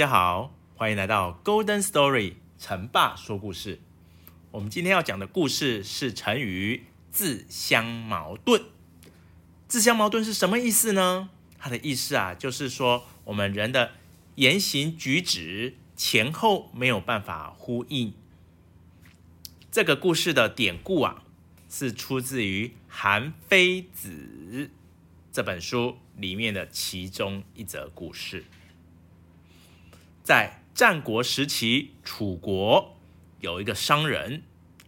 大家好，歡迎來到 Golden Story 成爸說故事。我們今天要講的故事是成語“自相矛盾”。自相矛盾是什麼意思呢？它的意思啊，就是說我們人的言行舉止前後沒有辦法呼應。這個故事的典故啊，是出自於《韓非子》這本書裡面的其中一則故事。在戰國時期，楚國有一個商人，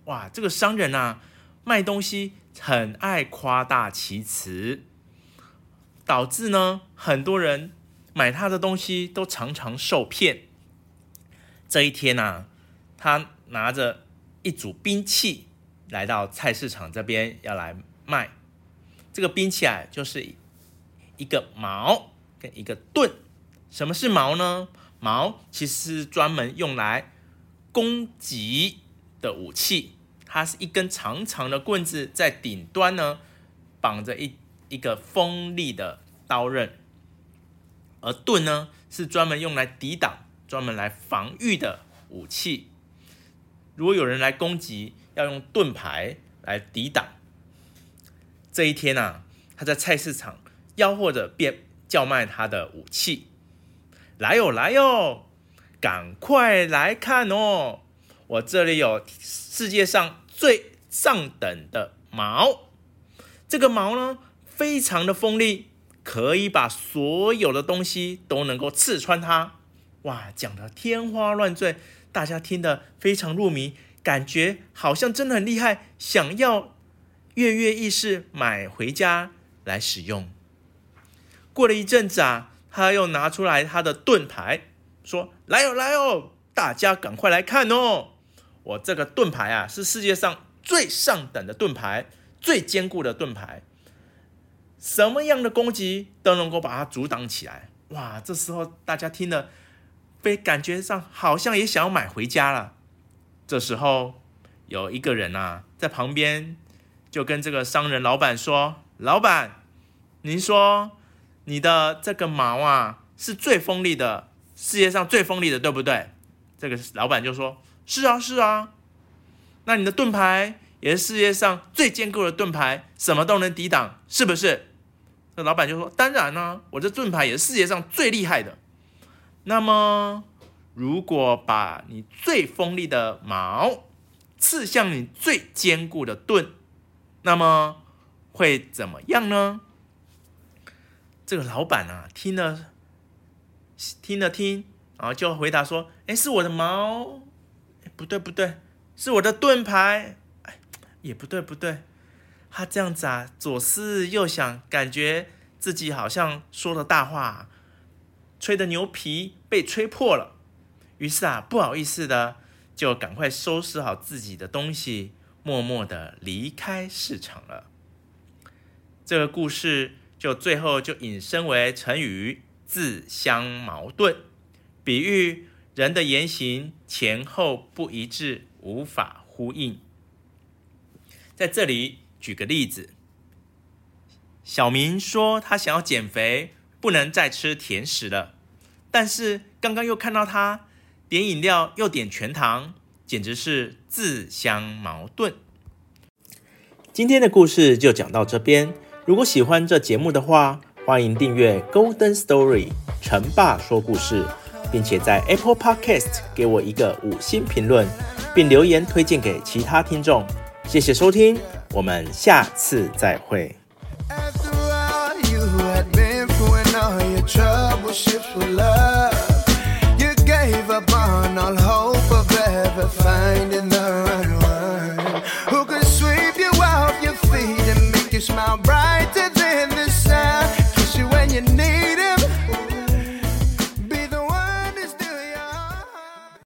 哇，這個商人吶、啊，賣東西很愛誇大其詞，導致呢，很多人買他的東西都常常受騙。這一天吶、啊，他拿着一組兵器來到菜市場這邊要來賣，這個兵器啊，就是一個矛跟一個盾。什麼是矛呢？矛其實專門用來攻擊的武器，它是一根長長的棍子，在頂端呢，綁着一一個鋒利的刀刃。而盾呢，是專門用來抵擋、專門來防禦的武器。如果有人來攻擊，要用盾牌來抵擋。這一天呢、啊，他在菜市場吆喝着，便叫賣他的武器。來喲、哦、來喲、哦，趕快來看哦！我這裡有世界上最上等的矛，這個矛呢，非常的鋒利，可以把所有的東西都能夠刺穿它。哇，講得天花亂墜，大家聽得非常入迷，感覺好像真的很厲害，想要躍躍欲試買回家來使用。過了一陣子啊。他又拿出來他的盾牌，說：“來哦，來哦，大家趕快來看哦！我這個盾牌啊，是世界上最上等的盾牌，最堅固的盾牌，什麼樣的攻擊都能夠把它阻擋起來。”哇！這時候大家聽了，被感覺上好像也想要買回家了。這時候有一個人啊，在旁邊就跟這個商人老板說：“老板，您說。”你的這個矛啊，是最鋒利的，世界上最鋒利的，對不對？這個老板就說：“是啊，是啊。”那你的盾牌也是世界上最堅固的盾牌，什麼都能抵擋，是不是？那老板就說：“當然呢、啊，我這盾牌也是世界上最厲害的。”那麼，如果把你最鋒利的矛刺向你最堅固的盾，那麼會怎麼樣呢？這個老闆啊，聽了聽了聽，然後就回答說：“哎，是我的矛，不對不對，是我的盾牌，也不對不對。”他這樣子啊，左思右想，感覺自己好像說了大話，吹的牛皮被吹破了。於是啊，不好意思的，就趕快收拾好自己的東西，默默的離開市場了。這個故事。就最後就引申為成語“自相矛盾”，比喻人的言行前後不一致，無法呼應。在這裡舉個例子，小明說他想要減肥，不能再吃甜食了，但是剛剛又看到他，點飲料又點全糖，簡直是自相矛盾。今天的故事就講到這邊。如果喜歡這節目的話，歡迎訂閱《Golden Story》成爸說故事，並且在 Apple Podcast 給我一個五星評論，並留言推薦給其他聽眾。謝謝收聽，我們下次再會。